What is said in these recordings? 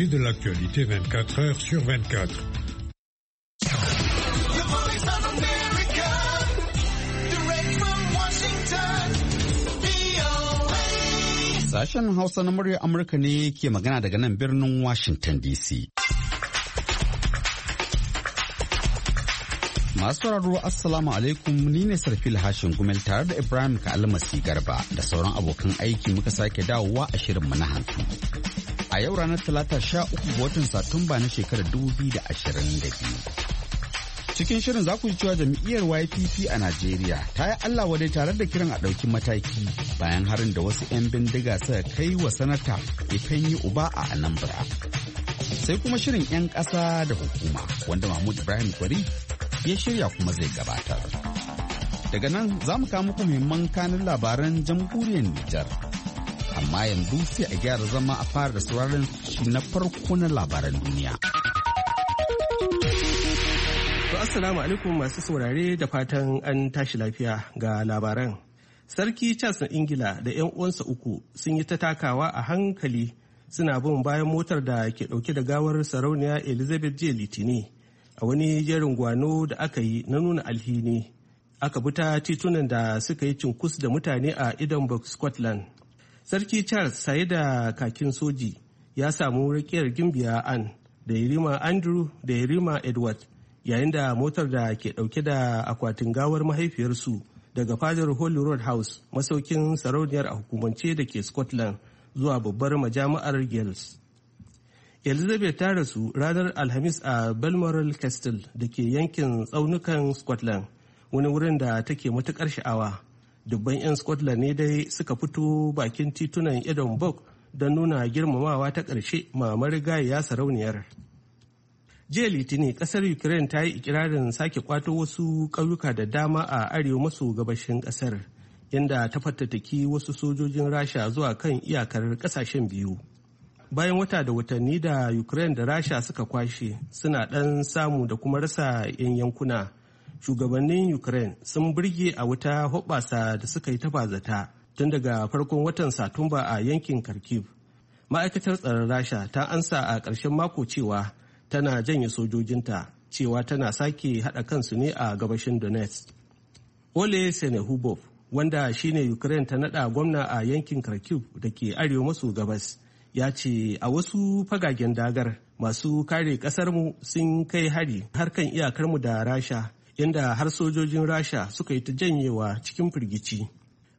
et de l'actualité 24 heures sur 24. Sashen Hausa na murya Amurka ne ke magana daga nan birnin Washington DC. Masu sauraro Assalamu alaikum ni ne Sarfil Hashin Gumel tare da Ibrahim kalmasi Garba da sauran abokan aiki muka sake dawowa a shirinmu na hantu. a yau ranar talata sha uku ga watan satumba na shekarar dubu biyu da ashirin da biyu. cikin shirin za ku ji cewa jam'iyyar ypp a najeriya ta yi allah wadai tare da kiran a ɗauki mataki bayan harin da wasu 'yan bindiga suka kai wa sanata ifeanyi uba a anambra sai kuma shirin 'yan ƙasa da hukuma wanda mahmud ibrahim kwari ya shirya kuma zai gabatar daga nan za mu kawo muku muhimman kanin labaran jamhuriyar nijar amma yanzu sai a gyara zama a fara da sauraron shi na farko na labaran duniya. To assalamu alaikum masu saurare da fatan an tashi lafiya ga labaran. Sarki Charles na Ingila da 'yan uwansa uku sun yi ta takawa a hankali suna bin bayan motar da ke dauke da gawar sarauniya Elizabeth J. Litini a wani jerin gwano da aka yi na nuna alhini. Aka bi ta titunan da suka yi cinkus da mutane a Edinburgh, Scotland. sarki charles saye da kakin soji ya samu rakiyar gimbiya an da yarima andrew da yarima edward yayin da motar da ke dauke da akwatin gawar mahaifiyarsu daga fadar holy road house masaukin sarauniyar a hukumance da ke scotland zuwa babbar majami'ar gales elizabeth ta rasu ranar alhamis a balmoral castle da ke yankin tsaunukan scotland wani wurin da take matukar sha'awa dubban 'yan scotland ne dai suka fito bakin titunan edinburgh don nuna girmamawa ta ƙarshe ma marigayya sarauniyar jiya litini kasar ukraine ta yi ikirarin sake kwato wasu ƙauyuka da dama a arewa maso gabashin kasar inda ta fattattaki wasu sojojin rasha zuwa kan iyakar kasashen biyu bayan wata da watanni da ukraine da rasha suka kwashe suna ɗan samu da kuma rasa 'yan yankuna shugabannin ukraine sun birge a wuta hoɓasa da suka yi ta tun daga farkon watan satumba a yankin kharkiv ma'aikatar tsaron rasha ta ansa a ƙarshen mako cewa tana janye sojojinta cewa tana sake haɗa kansu ne a gabashin donetsk ole senehubov wanda shine ukraine ta naɗa gwamna a yankin kharkiv da ke arewa maso gabas ya ce a wasu fagagen dagar masu kare ƙasarmu sun kai hari har kan iyakarmu da rasha inda har sojojin rasha suka yi ta janyewa cikin firgici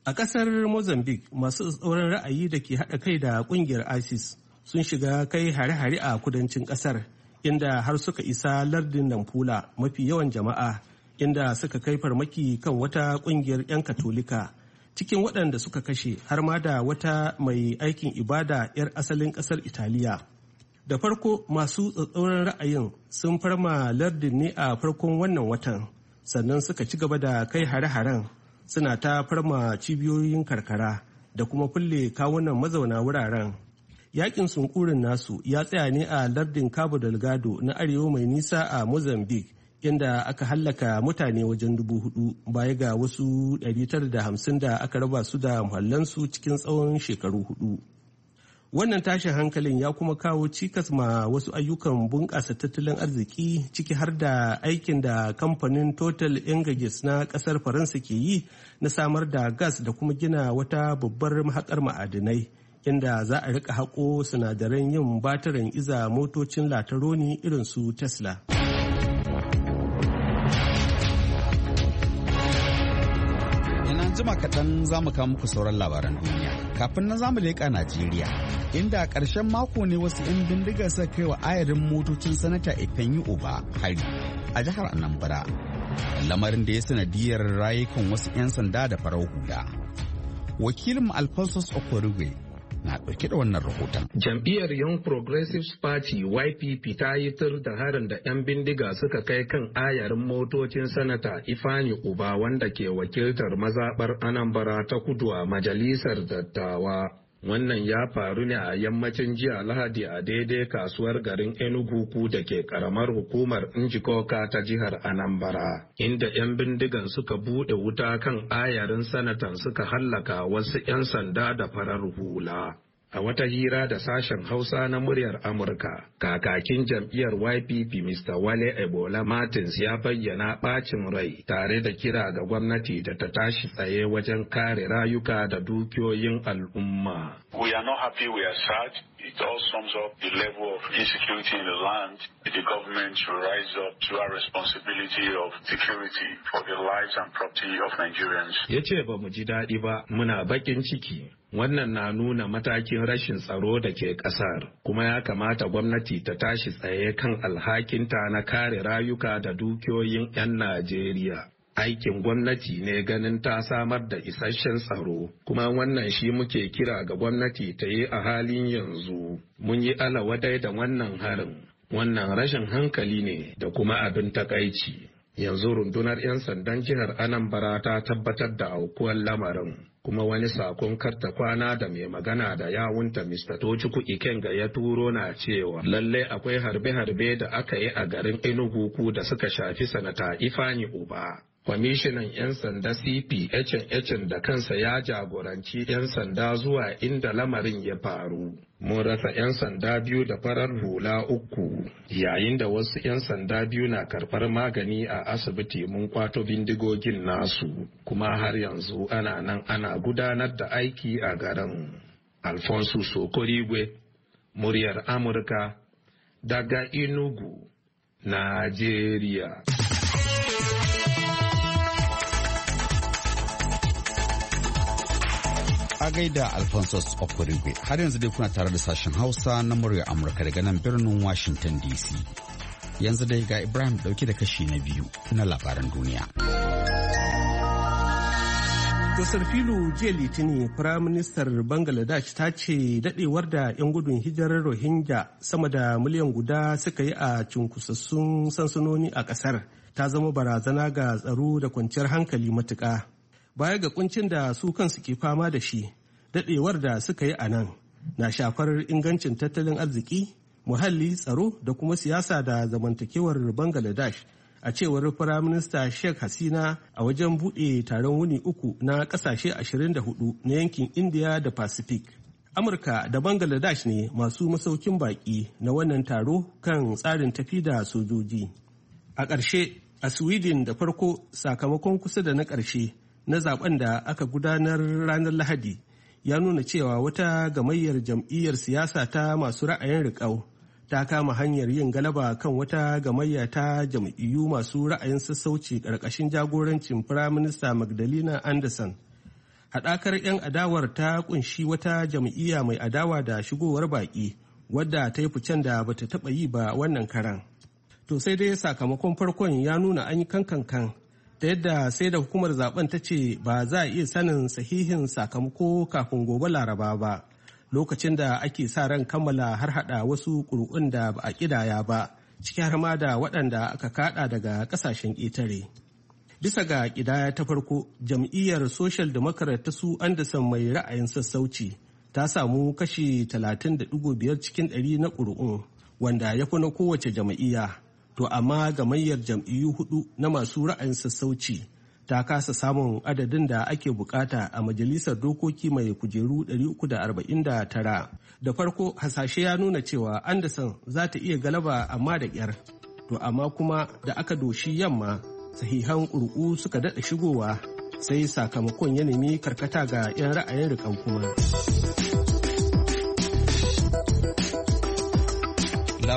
a kasar mozambique masu tsauran ra'ayi da ke haɗa kai da ƙungiyar isis sun shiga kai hare-hare a kudancin ƙasar inda har suka isa lardin nampula mafi yawan jama'a inda suka kai farmaki kan wata ƙungiyar 'yan katolika cikin waɗanda suka kashe har ma da wata mai aikin ibada 'yar asalin ƙasar italiya da farko masu tsatsauran ra'ayin sun farma lardin ne a farkon wannan watan sannan suka ci gaba da kai hare-haren suna ta farma cibiyoyin karkara da kuma kulle kawunan mazauna wuraren yakin sunkurin nasu ya tsaya ne a lardin cabo delgado na arewa mai nisa a mozambique inda aka hallaka mutane wajen dubu hudu baya ga wasu 950 da aka raba su da muhallansu cikin tsawon shekaru hudu Wannan tashin hankalin ya kuma kawo cikas ma wasu ayyukan bunƙasa tattalin arziki ciki har da aikin da kamfanin Total Engages na ƙasar Faransa ke yi na samar da gas da kuma gina wata babbar mahaƙar ma'adinai inda za a rika haƙo sinadaran yin batiran iza motocin lataroni irin su Tesla. jima kaɗan za mu kawo muku sauran labaran duniya. Kafin na zamu leƙa Najeriya, inda a ƙarshen mako ne wasu 'yan bindigar suka kai wa ayarin motocin sanata Ifeanyi Uba hari a jihar Anambra. Lamarin da ya sanadiyar rayukan wasu 'yan sanda da farar hula. Wakilin Alphonsus okorugwe na ɗauke da wannan rahoton. Jam'iyyar Young Progressives Party YPP ta yi tur da harin da 'yan bindiga suka kai kan ayarin motocin sanata Ifani Uba wanda ke wakiltar mazaɓar Anambra ta kudu a majalisar dattawa. Wannan ya faru ne a yammacin jiya Lahadi a daidai kasuwar garin Enugu da ke karamar hukumar injikoka ta jihar Anambra, inda 'yan bindigan suka buɗe wuta kan ayarin sanatan suka hallaka wasu 'yan sanda da farar hula. a wata hira da sashen Hausa na muryar Amurka. Kakakin jam'iyyar YPP Mr. Wale Ebola Martins ya bayyana ɓacin rai tare da kira ga gwamnati da ta tashi tsaye wajen kare rayuka da dukiyoyin al'umma. We are not happy we are sad. It all sums up the level of insecurity in the land. The government should rise up to our responsibility of security for the lives and property of Nigerians. Ya ce ba mu ji daɗi ba, muna baƙin ciki. Wannan na nuna matakin rashin tsaro da ke ƙasar, kuma ya kamata gwamnati ta tashi tsaye kan alhakinta na kare rayuka da dukiyoyin 'yan Najeriya. Aikin gwamnati ne ganin ta samar da isasshen tsaro, kuma wannan shi muke kira ga gwamnati ta yi a halin yanzu. Mun yi alawadai da wannan harin, wannan rashin hankali ne da kuma abin takaici. yanzu rundunar 'yan sandan jihar anambra ta tabbatar da aukuwar lamarin kuma wani sakon karta kwana da mai magana da yawunta mr tochukwu ikenga ya turo na cewa lalle akwai harbe-harbe da aka yi a garin enugu da suka shafi sanata ifani uba Kwamishinan 'yan sanda CP HHN da kansa ya jagoranci 'yan sanda zuwa inda lamarin ya faru. Mun rasa 'yan sanda biyu da farar hula uku, yayin da wasu 'yan sanda biyu na karɓar magani a asibiti mun kwato bindigogin nasu, kuma har yanzu ana nan ana gudanar da aiki a garin. Alfonso Sokorigwe, muryar Amurka, daga Inugu, Najeriya. a gaida alphonsus okurigwe har yanzu dai kuna tare da sashen hausa na murya amurka daga nan birnin washington dc yanzu dai ga ibrahim dauke da kashi na biyu na labaran duniya Dr. filu jiya litinin firaministar bangladesh ta ce dadewar da 'yan gudun hijirar rohingya sama da miliyan guda suka yi a cunkusassun sansanoni a kasar ta zama barazana ga tsaro da kwanciyar hankali matuƙa. baya ga kuncin da su kansu ke fama da shi daɗewar da suka yi a nan na shafar ingancin tattalin arziki muhalli tsaro da kuma siyasa da zamantakewar bangladesh a cewar firaminista sheikh hasina a wajen buɗe taron wuni uku na ƙasashe 24 na yankin india da pacific amurka da bangladesh ne masu masaukin baƙi na wannan taro kan tsarin tafi da sojoji a ƙarshe a sweden da farko sakamakon kusa da na ƙarshe na zaben da aka gudanar ranar Lahadi ya nuna cewa wata gamayyar jam'iyyar siyasa ta masu ra'ayin riƙau ta kama hanyar yin galaba kan wata gamayya ta jam'iyyu masu ra'ayin sassauci ƙarƙashin jagorancin firaminista magdalena anderson haɗakar 'yan adawar ta ƙunshi wata jam'iyya mai adawa da shigowar baƙi wadda ta yi ficen da ta taɓa yi ba wannan karan to sai dai sakamakon farkon ya nuna an yi kankan kan ta yadda sai da hukumar zaben ta ce ba za a iya sanin sahihin sakamako kafin gobe laraba ba lokacin da ake sa ran kammala har hada wasu kuru'un da ba a kidaya ba ciki har ma da waɗanda aka kada daga ƙasashen ƙetare bisa ga ƙidaya ta farko jam'iyyar social democrat ta su anderson mai ra'ayin sassauci ta samu kashi 30.5 cikin 100 na kuru'un wanda ya kuna kowace jam'iyya to amma gamayyar jam'iyyu hudu na masu ra'ayin sassauci ta kasa samun adadin da ake bukata a majalisar dokoki mai kujeru 349 da farko hasashe ya nuna cewa anderson za ta iya galaba amma da kyar to amma kuma da aka doshi yamma sahihan ƙurƙu suka daɗa shigowa sai sakamakon ya nemi karkata ga 'yan ra'ayin rikan kuma.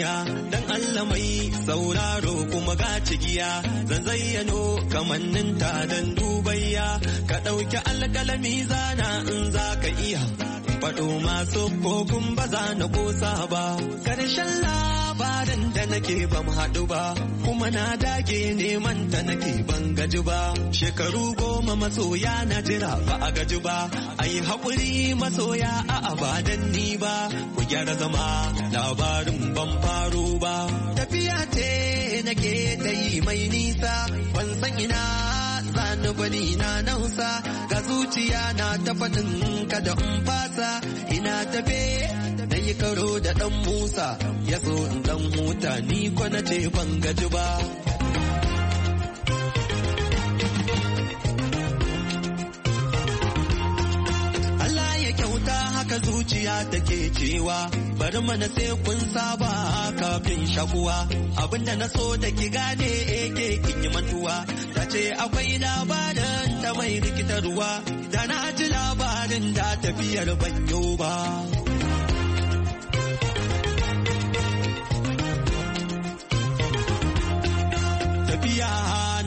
duniya dan Allah mai sauraro kuma ga cigiya zan zayyano kamannin ta dan dubayya ka ɗauki alkalami zana in za ka iya faɗo masu kokun ba za na ƙosa ba ƙarshen la labarin da nake ban haɗu ba kuma na dage neman ta nake ban gaji ba shekaru goma masoya na jira ba a gaji ba a yi haƙuri masoya a abadan ni ba ku gyara zama labarin ban faro ba tafiya ce nake ta yi mai nisa ban san ina zanu bani na nausa ga zuciya na ta faɗin kada in fasa ina tafe yi karo da dan Musa ya so in dan huta ni ko na ce ban gaji ba Allah ya kyauta haka zuciya take cewa bari mana sai kun saba kafin shakuwa abinda na so da ki gane eke kin yi mantuwa ta ce akwai labarin ta mai rikitarwa da na ji labarin da tafiyar ban yau ba.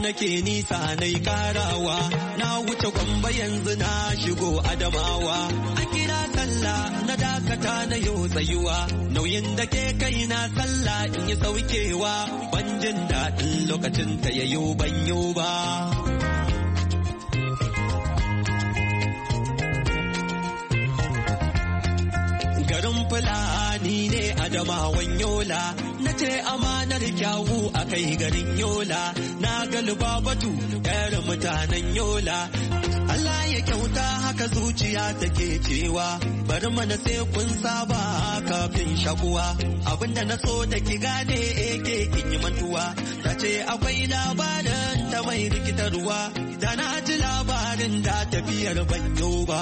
nake nisa na yi karawa na wuce gwamba yanzu na shigo adamawa a kira sallah na dakata na yau tsayuwa nauyin da ke kai na sallah in yi saukewa ban jin daɗin lokacin ta yayo ban yi ba garin fulawa ni ne adamawan yola na ce amanar kyawu a kai garin yola na galiba batu yar mutanen yola Allah ya kyauta haka zuciya take cewa bari mana sai kun saba kafin shakuwa abinda na so da ki gane eke kin yi mantuwa ta ce akwai labarin ta mai rikitarwa da na ji labarin da tafiyar ban ba.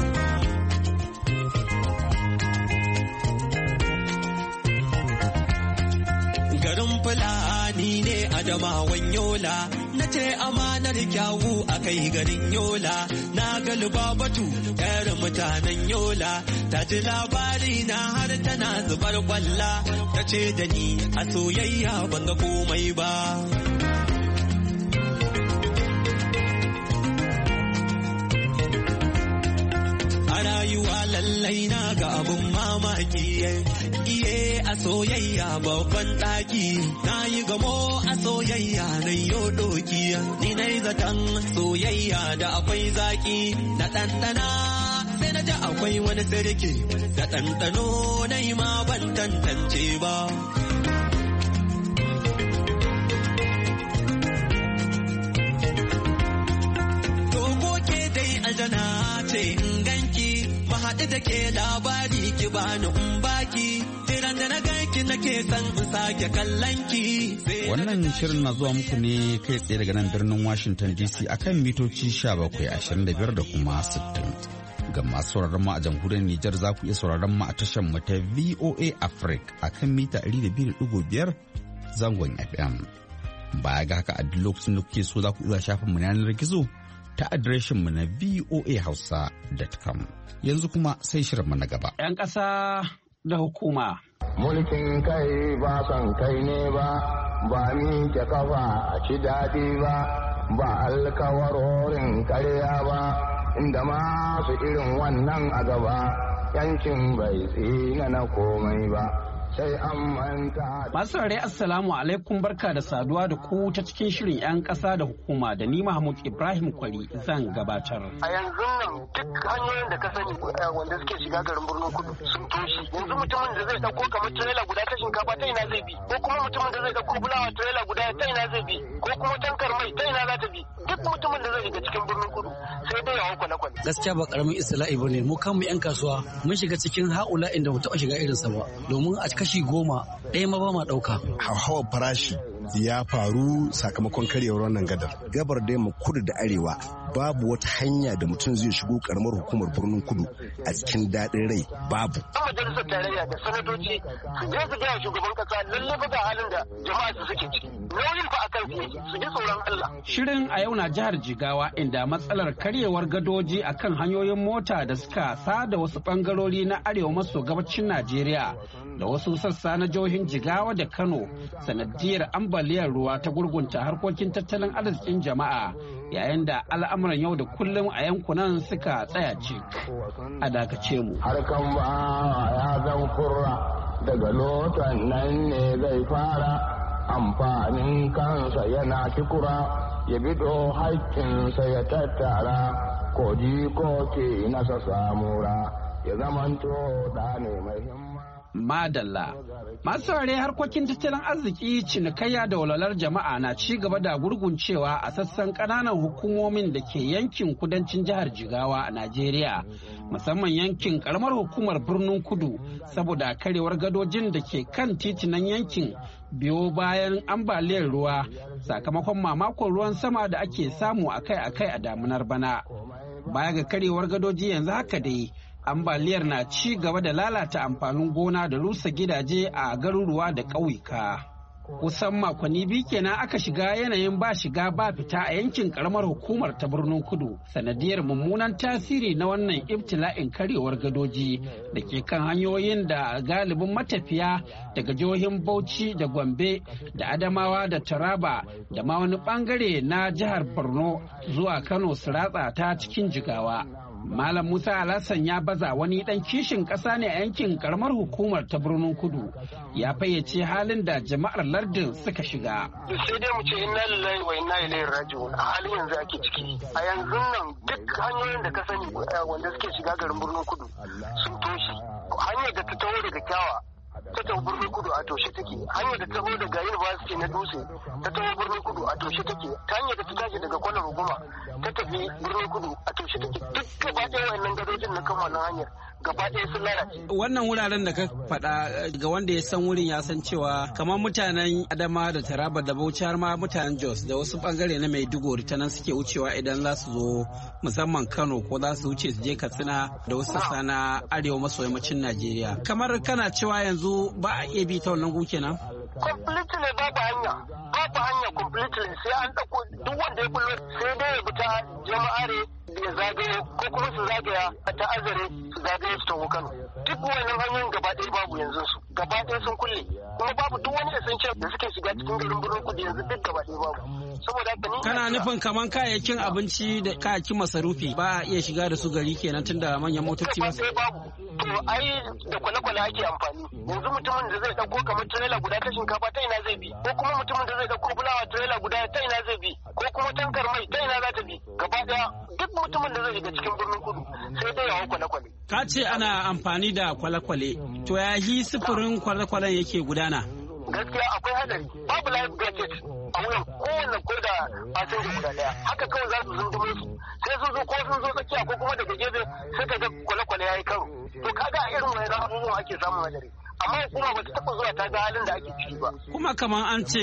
garin fulani ne adamawan yola na ce amanar kyawu a kai garin yola na ga Lubabatu yar mutanen yola ta ji labari na har tana zubar kwalla ta ce da ni a soyayya ban ga komai ba rayuwa lallai na ga abun mamaki iye a soyayya babban ɗaki na yi gamo a soyayya na yo doki ni na zaton soyayya da akwai zaki na ɗanɗana sai na ji akwai wani sarki da ɗanɗano na yi ma ban tantance ba. Dogo ke dai aljana ce haɗu da ke labari ki bani in baki tiran da na ganki nake san in sake kallon ki wannan shirin na zuwa muku ne kai tsaye daga nan birnin Washington DC akan mitoci 1725 da kuma 60 ga masu sauraron mu a jamhuriyar Nijar za ku iya sauraron mu a tashar mu ta VOA Africa akan mita 200.5 zangon FM baya ga haka a duk lokacin da kuke so za ku iya shafin mu yanar gizo ta mu na voahausa.com. Yanzu kuma sai mu na gaba. 'Yan ƙasa da hukuma. Mulkin kai ba son kai ne ba, ba ni ke kafa a ci daɗi ba, ba alkawarorin karya ba, inda masu irin wannan a gaba, yankin bai tsina na komai ba. sai an manta. Masu rare Assalamu alaikum barka da saduwa da ku ta cikin shirin 'yan ƙasa da hukuma da ni Mahmud Ibrahim Kwari zan gabatar. A yanzu nan duk hanyoyin da ka sani eh, wanda suke shiga garin birnin kudu sun toshe. Yanzu mutumin da zai ɗauko kamar tirela guda ta shinkafa ta ina zai bi ko kuma mutumin da zai ɗauko bulawa tirela guda ta ina zai bi ko kuma tankar mai ta ina za ta bi. duk mutumin da zai shiga cikin birnin kudu sai dai ya kwale kwale gaskiya ba karamin istila'i ne mu kanmu yan kasuwa mun shiga cikin haula inda mu taɓa shiga irinsa ba domin a kashi goma ɗaya ma ba ma ɗauka hauhawar farashi ya faru sakamakon karyewar wannan gadar gabar da mu kudu da arewa babu wata hanya da mutum zai shigo karamar hukumar birnin kudu a cikin daɗin rai babu. majalisar tarayya da sanatoci su je su gaya kasa lalle ba halin da jama'a suke ciki. Nauyin fa su ji tsoron Allah. Shirin a yau na jihar Jigawa inda matsalar karyewar gadoji akan hanyoyin mota da suka sada wasu bangarori na arewa maso gabacin Najeriya da wasu sassa na jihohin Jigawa da Kano sanadiyar ambaliyar ruwa ta gurgunta harkokin tattalin arzikin jama'a yayin da al'amuran yau da kullum a yankunan suka tsaya cik a dakace mu harkan ba ya zan kurra daga lotan nan ne zai fara amfanin kansa yana kikura ya bido haƙƙinsa ya tattara ko ji ko ke nasa samura ya zamanto da ne mai Madalla. Masu saurare harkokin tattalin arziki cinikayya da walalar jama'a na ci gaba da gurguncewa a sassan ƙananan hukumomin da ke yankin kudancin jihar Jigawa a Najeriya, musamman yankin karamar hukumar birnin Kudu saboda karewar gadojin da ke kan titinan yankin biyo bayan ambaliyar ruwa sakamakon mamakon ruwan sama da ake samu akai-akai a damunar bana. Baya ga karewar gadoji yanzu haka dai. ambaliyar na ci gaba da lalata amfanin gona da rusa gidaje a garuruwa da ƙauyuka. kusan makonni biyu kenan aka shiga yanayin ba shiga ba fita a yankin karamar hukumar ta birnin kudu sanadiyar mummunan tasiri na wannan ibtila'in karyewar gadoji da ke kan hanyoyin da galibin matafiya daga jihohin bauchi da gombe da adamawa da taraba da ma wani bangare na jihar borno zuwa kano su ratsa ta cikin jigawa Malam Musa Alassan ya baza wani dan kishin ƙasa ne a yankin karamar hukumar ta birnin kudu ya fayyace halin da jama'ar lardin suka shiga. Sai dai mu ce inna lillahi wa inna ilaihi raji'un a halin yanzu ake ciki. A yanzu nan duk hanyoyin da ka sani eh, wanda suke shiga garin birnin kudu sun toshe. Hanyar da ta taho daga kyawa ta tafi birnin kudu a toshe take hanyar da ta taho daga university na dutse ta taho birnin kudu a toshe take ta hanyar da ta tashi daga kwanar goma ta tafi birnin kudu a toshe take duk gaba ɗaya wayannan gadojin na kan wannan hanyar gaba ɗaya sun lalace. Wannan wuraren da ka faɗa eh, ga wanda ya san wurin ya san cewa kamar mutanen Adama da Taraba da Bauchi har ma mutanen Jos da wasu bangare na Maiduguri ta nan suke wucewa idan za su zo musamman Kano ko za su wuce su je Katsina da wasu sassa na arewa maso yammacin Najeriya. Kamar kana cewa yanzu yanzu ba a iya bi ta wannan guke nan? completely babu hanya babu hanya completely sai an ɗauko duk wanda ya bullo sai dai ya bi ta jama'are ya zagaye ko kuma su zagaya ta azare su zagaye su tawo kano duk wannan hanyoyin gaba ɗaya babu yanzu su gaba ɗaya sun kulle kuma babu duk wani essential da suke shiga cikin garin birnin kudi yanzu duk gaba ɗaya babu kana nufin kaman kayayyakin abinci da kayayyakin masarufi ba a iya shiga da su gari kenan tunda manyan motoci ba su da kwale-kwale ake ka ce ana amfani da kwale-kwale to ya hi sufurin kwale-kwalen yake gudana gaskiya akwai hadari babu life jacket a wuyan kowane ko da fasinja guda daya haka kawai za su zungume su sai sun zo ko sun zo tsakiya ko kuma daga gefe sai ka ga kwale-kwale ya yi karo to kaga irin wani abubuwan ake samun hadari amma hukuma ba ta taɓa zuwa ta ga halin da ake ciki ba. Kuma kamar an ce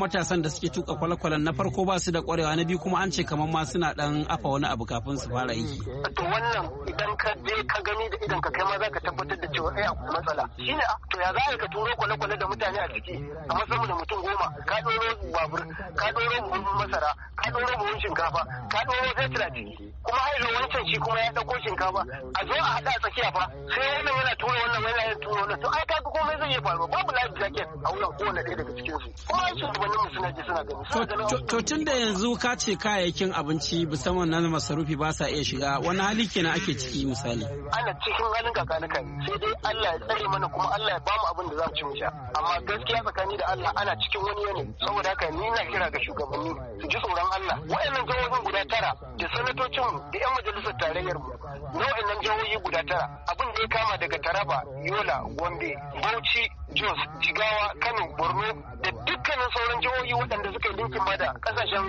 matasan da suke tuka kwale-kwalen na farko ba su da kwarewa na biyu kuma an ce kamar ma suna ɗan afa wani abu kafin su fara yi. To wannan idan ka je ka gani da idan ka kai ma za ka tabbatar da cewa ai eh, akwai matsala. Shi ne to ya za ka turo kwale-kwale da mutane a ciki a matsayin da mutum goma ka ɗoro babur ka ɗoro buhun masara ka ɗoro buhun shinkafa ka ɗoro ciki. kuma hailo wancan shi kuma ya ɗauko shinkafa a zo a haɗa a tsakiya fa sai wannan yana tura wannan yana tura wannan to ai kaga komai zai iya faruwa babu life jacket a kowane ɗaya daga cikin su kuma shugabannin mu suna ji suna gani to da yanzu ka ce kayayyakin abinci musamman na masarufi ba sa iya shiga wani hali kenan ake ciki misali ana cikin halin kakanuka sai dai Allah ya tsare mana kuma Allah ya bamu abin da za mu ci mu sha amma gaskiya tsakani da Allah ana cikin wani yanayi saboda haka ni na kira ga shugabanni su ji tsoron Allah wayannan jihohin guda tara da sanatocin da 'yan majalisar tarayyar mu nau'in nan jihohi guda tara abin da ya kama daga taraba yola gombe bauchi jos jigawa kano borno da dukkanin sauran jihohi waɗanda suka yi linkin ba da ƙasashen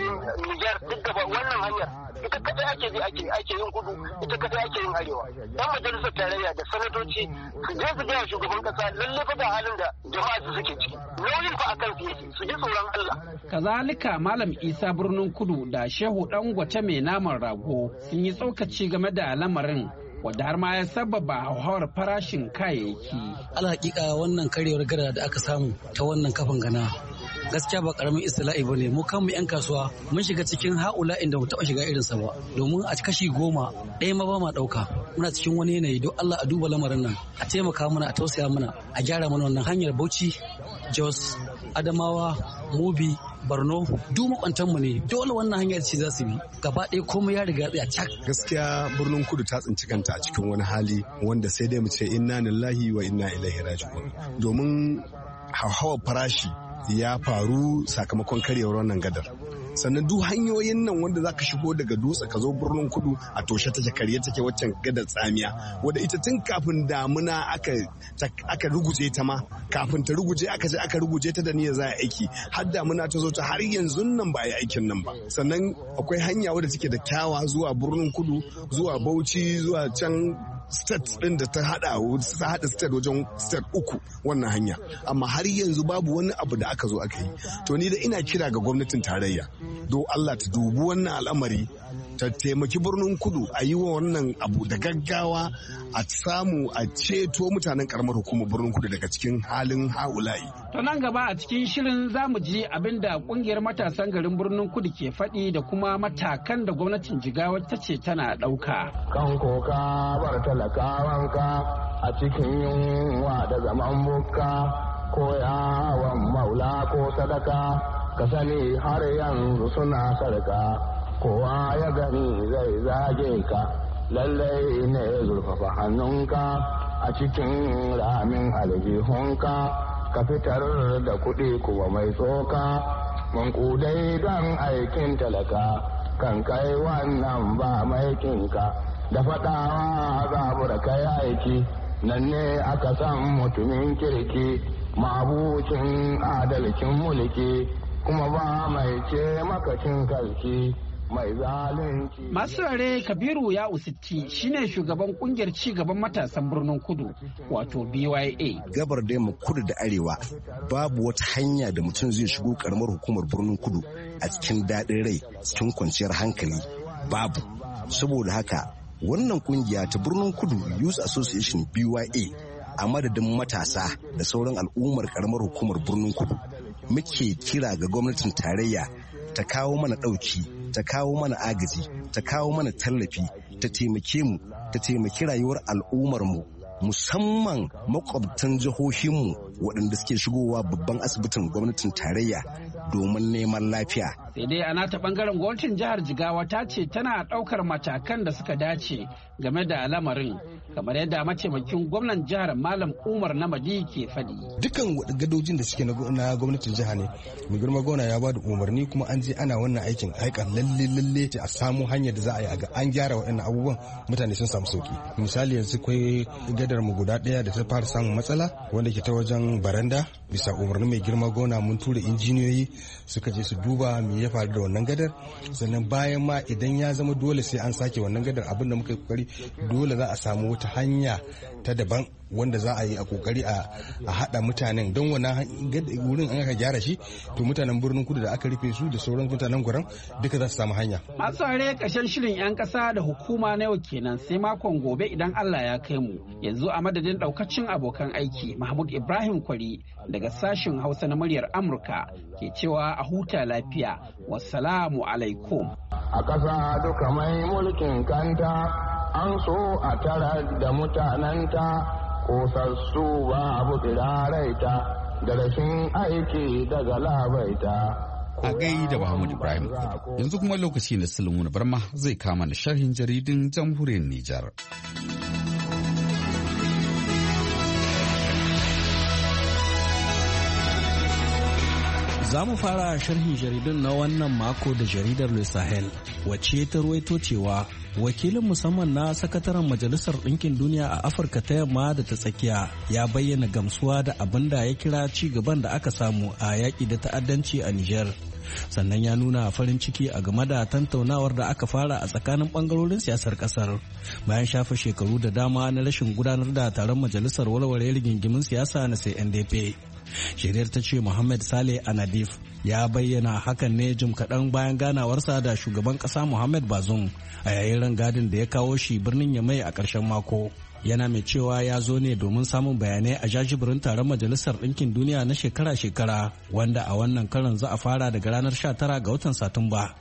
niger duk gaba wannan hanyar ita kadai ake ake yin kudu ita kadai ake yin arewa yan majalisar tarayya da sanatoci su je su gaya shugaban kasa lalle fa da halin da jama'a su suke ciki nauyin fa akan su yake su ji tsoron Allah kazalika malam Isa birnin kudu da Shehu Dangwate mai naman rago sun yi tsokaci game da lamarin wadda har ma ya sababa hauhawar farashin kayayyaki. hakika wannan karyar gara da aka samu ta wannan kafin gana gaskiya ba karamin istila'i ba ne mu kanmu 'yan kasuwa mun shiga cikin ha'ula inda mu taɓa shiga irinsa ba domin a kashi goma ɗaya ma ba ma ɗauka muna cikin wani yanayi don Allah a duba lamarin nan a taimaka mana a tausaya mana a gyara mana wannan hanyar Bauchi Jos Adamawa Mubi Borno duk mu ne dole wannan hanyar ce za su bi gaba ɗaya komai ya riga tsaya cak. Gaskiya birnin kudu ta tsinci kanta a cikin wani hali wanda sai dai mu ce inna lillahi wa inna ilaihi raji'un domin hauhawar farashi ya faru sakamakon karyar wannan gadar sannan duk hanyoyin nan wanda ka shigo daga dutse ka zo birnin kudu a toshe take karye take waccan gadar tsamiya wadda ita tun kafin damuna aka aka ruguje ta ma kafin ta ruguje aka je aka ruguje ta da niyyar za a aiki har damuna ta zo ta har yanzu nan ba a yi aikin nan ba sannan akwai hanya wadda take da kyawa zuwa birnin kudu zuwa bauchi zuwa can state ɗin da ta haɗa ta haɗa state wajen state uku wannan hanya amma har yanzu babu wani abu da aka zo aka yi to ni da ina kira ga gwamnatin tarayya do Allah ta dubi wannan al'amari ta taimaki birnin kudu a yi wa wannan abu da gaggawa a samu a ceto mutanen karamar hukumar birnin kudu daga cikin halin haulayi. To nan gaba a cikin shirin zamu mu ji abin da kungiyar matasan garin birnin kudu ke faɗi da kuma matakan da gwamnatin jigawa ta ce tana ɗauka. Kan koka bar talakawanka a cikin yunwa da zaman ko yawon maula ko sadaka ka sani har yanzu suna sarka. kowa ya gani zai zage ka lallai ne zurfafa hannunka a cikin ramin aljihunka ka fitar da kuɗi kuma mai tsoka mankudai don aikin talaka kan kai wannan ba maikinka da faɗawa zabu da kai aiki nan ne aka san mutumin kirki mabucin adalcin mulki kuma ba mai ce makacin kalki. mai Masu rare Kabiru ya usitti shine shugaban kungiyar ci gaban matasan birnin kudu wato BYA. Gabar da mu kudu da arewa babu wata hanya da mutum zai shigo karamar hukumar birnin kudu a cikin daɗin rai cikin kwanciyar hankali babu. Saboda haka wannan kungiya ta birnin kudu Youth Association BYA a madadin matasa da sauran al'ummar karamar hukumar birnin kudu muke kira ga gwamnatin tarayya ta kawo mana ɗauki ta kawo mana agaji ta kawo mana tallafi ta taimake mu ta taimaki rayuwar al'ummar mu musamman makwabtan jihohinmu waɗanda suke shigowa babban asibitin gwamnatin tarayya domin neman lafiya. sai dai a nata bangaren gwamnatin jihar jigawa ta ce tana ɗaukar matakan da suka dace game da lamarin kamar yadda mataimakin gwamnan jihar malam umar namadi ke faɗi. dukkan gadojin da suke na gwamnatin jiha ne mai girma gona ya ba da umarni kuma an je ana wannan aikin aika lalle lalle a samu hanyar da za a yi a an gyara waɗannan abubuwan mutane sun samu sauki misali yanzu kai gadar mu guda ɗaya da ta fara samun matsala wanda ke ta wajen baranda bisa umarni mai girma gona mun tura injiniyoyi suka je su duba me ya faru da wannan gadar sannan bayan ma idan ya zama dole sai an sake wannan gadar abinda muka yi kokari dole za a samu wuta. wata hanya ta daban wanda za a yi a kokari a haɗa mutanen don wani wurin an aka gyara shi to mutanen birnin kudu da aka rufe su da sauran mutanen gwaron duka za su samu hanya. masu are kashen shirin 'yan ƙasa da hukuma na yau kenan sai makon gobe idan allah ya kai mu yanzu a madadin ɗaukacin abokan aiki mahmud ibrahim kwari daga sashen hausa na muryar amurka ke cewa a huta lafiya wassalamu alaikum. a ƙasa duka mai mulkin kanta an so a tara da mutananta kosassu ba abu ta da rashin aiki daga labaita. A gai da Muhammadu Ibrahim yanzu kuma lokaci na Sulmuna Barma zai kama na sharhin jaridin jamhuriyar Nijar. Za mu fara sharhin jaridun na wannan mako da jaridar Le Sahel, wacce ta ruwaito cewa wakilin musamman na sakataren majalisar ɗinkin duniya a afirka ta yamma da ta tsakiya ya bayyana gamsuwa da abin da ya kira ci gaban da aka samu a yaƙi da ta'addanci a niger sannan ya nuna farin ciki a game da tantaunawar da aka fara a tsakanin bangarorin siyasar kasar bayan shafe shekaru da dama na rashin gudanar da taron majalisar warware rigingimin siyasa na sai ndp shirya ta ce Muhammad Saleh Anadif ya bayyana hakan ne jim kaɗan bayan ganawarsa da shugaban ƙasa muhammad bazum a yayin rangadin da ya kawo shi birnin yamai a ƙarshen mako yana mai cewa ya zo ne domin samun bayanai a jajibirin taron majalisar ɗinkin duniya na shekara-shekara wanda a wannan karon za a fara daga ranar 19 ga watan satumba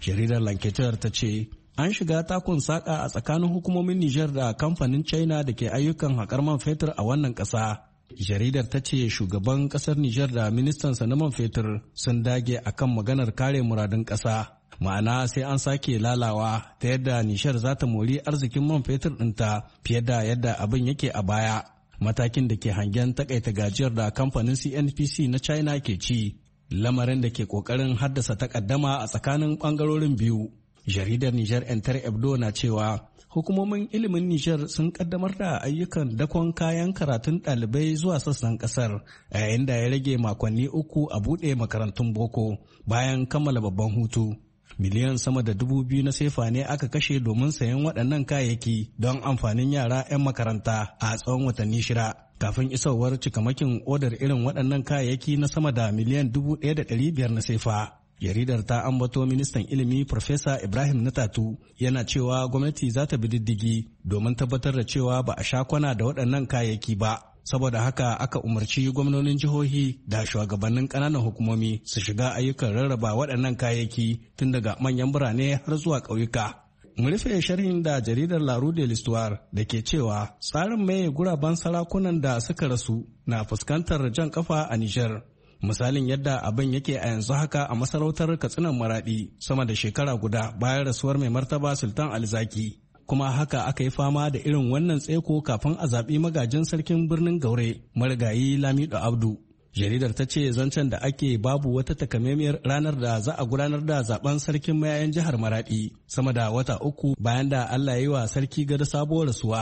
jaridar lanketer ta ce an shiga takun saƙa a tsakanin hukumomin nijar da kamfanin china da ke ayyukan haƙar man fetur a wannan ƙasa jaridar ta ce shugaban kasar Nijar da ministansa na man fetur sun dage a kan maganar kare muradun ƙasa. Ma'ana sai an sake lalawa ta yadda Nishar za ta mori arzikin man fetur ɗinta fiye da yadda abin yake a baya. Matakin da ke hangen takaita gajiyar da kamfanin CNPC na China ke ci, lamarin da ke ƙoƙarin haddasa takaddama a tsakanin ɓangarorin biyu. Jaridar Nijar Enter Ebdo na cewa hukumomin ilimin Nijar sun kaddamar da ayyukan dakon kayan karatun ɗalibai zuwa sassan ƙasar yayin da ya rage makonni uku a buɗe makarantun boko bayan kammala babban hutu. Miliyan sama da dubu biyu na sefa ne aka kashe domin sayan waɗannan kayayyaki don amfanin yara 'yan makaranta a tsawon watanni shida. kafin isowar cikamakin odar irin waɗannan kayayyaki na sama da miliyan dubu ɗaya da ɗari biyar na sefa Jaridar ta ambato ministan ilimi Profesa Ibrahim Natatu yana cewa gwamnati za ta bi diddigi domin tabbatar da cewa ba a sha kwana da waɗannan kayayyaki ba. Saboda haka aka umarci gwamnonin jihohi da shugabannin ƙananan hukumomi su shiga ayyukan rarraba waɗannan kayayyaki tun daga manyan birane har zuwa ƙauyuka. mu rufe sharhin da jaridar La Rue de l'Histoire da ke cewa tsarin mai guraben sarakunan da suka rasu na fuskantar jan kafa a Nijar. misalin yadda abin yake a yanzu haka a masarautar katsinan maradi sama da shekara guda bayan rasuwar mai martaba sultan alzaki kuma haka aka yi fama da irin wannan tseko kafin a zaɓi magajin sarkin birnin gaure marigayi lamido abdu jaridar ta ce zancen da ake babu wata takamaimiyar ranar da za a gudanar da zaben sarkin mayayan jihar maradi sama da wata uku bayan da allah ya yi wa sarki gada sabuwar rasuwa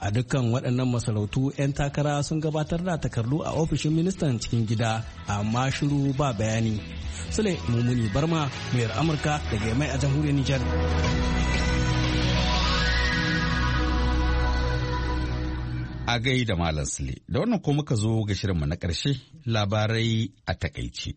a dukkan waɗannan masarautu 'yan takara sun gabatar da takardu a ofishin ministan cikin gida amma shiru ba bayani sule mumuni barma muryar amurka daga mai a jamhuriyar nijar a da malam sule da wannan ko muka zo ga shirinmu na ƙarshe labarai a takaici.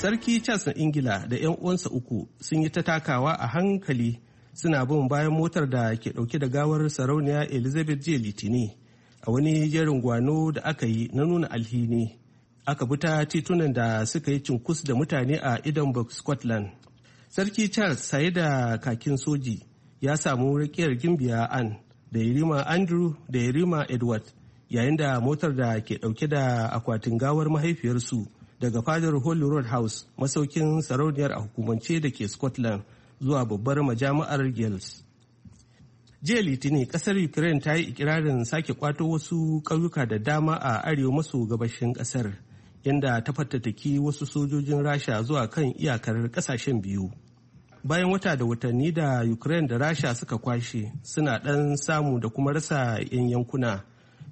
sarki charles na ingila da 'yan uwansa uku sun yi ta takawa a hankali suna bin bayan motar da ke dauke da gawar sarauniya elizabeth j litini a wani jerin gwano da aka yi na nuna alhini aka bi ta titunan da suka yi cinkus da mutane a edinburgh scotland sarki charles saye da kakin soji ya samu rakiyar gimbiya an da yarima andrew da yarima edward yayin da motar da ke dauke da akwatin gawar mahaifiyarsu daga fadar holy road house masaukin sarauniyar a hukumance da ke scotland zuwa babbar majami'ar Gels. Jiya Litinin kasar Ukraine ta yi ikirarin sake kwato wasu ƙauyuka da dama a arewa maso gabashin kasar, yadda ta fattattaki wasu sojojin Rasha zuwa kan iyakar kasashen biyu. Bayan wata da watanni da Ukraine da Rasha suka kwashe suna ɗan samu da kuma rasa 'yan yankuna.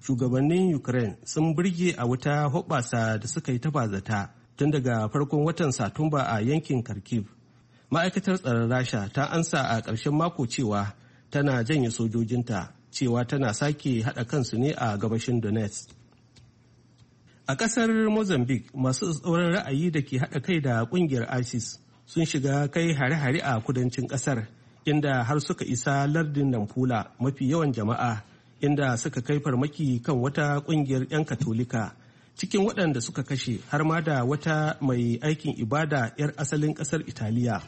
Shugabannin Ukraine sun birge a wata hoɓasa da suka yi tafazata tun daga farkon watan Satumba a yankin Kharkiv. ma'aikatar tsaron rasha ta ansa a ƙarshen mako cewa tana janye sojojinta cewa tana sake haɗa kansu ne a gabashin donetsk a ƙasar mozambique masu tsauran ra'ayi da ke haɗa kai da ƙungiyar isis sun shiga kai hare-hare a kudancin ƙasar inda har suka isa lardin nampula mafi yawan jama'a inda suka kai farmaki kan wata ƙungiyar 'yan katolika cikin waɗanda suka kashe har ma da wata mai aikin ibada 'yar asalin ƙasar italiya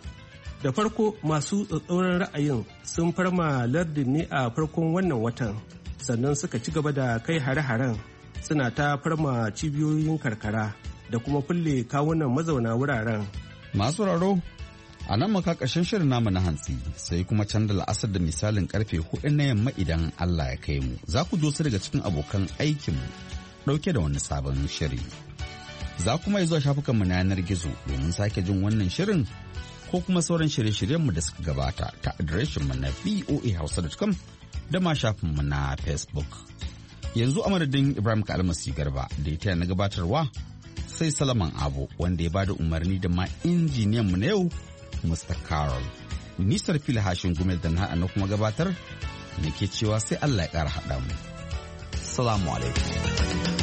da farko masu tsatsauran ra'ayin sun farma lardin ne a farkon wannan watan sannan suka ci gaba da kai hare-haren suna ta farma cibiyoyin karkara da kuma kulle kawunan mazauna wuraren masu raro a nan maka ƙashin shirin namu na hantsi sai kuma canza la'asar da misalin karfe hudu na yamma idan allah ya kai mu za ku dosa daga cikin abokan aikinmu ɗauke da wani sabon shiri. Za kuma yi zuwa shafukanmu na yanar gizo domin sake jin wannan shirin ko kuma sauran shirye-shiryenmu da suka gabata ta adireshinmu na voahausa.com da ma shafinmu na Facebook. Yanzu a madadin Ibrahim Kalmasi Garba da ya taya na gabatarwa sai Salaman Abu wanda ya bada umarni da ma injiniyanmu na yau Mr. Carol. Nisar fili hashin gumel da na kuma gabatar nake cewa sai Allah ya ƙara haɗa mu. Salamu alaikum.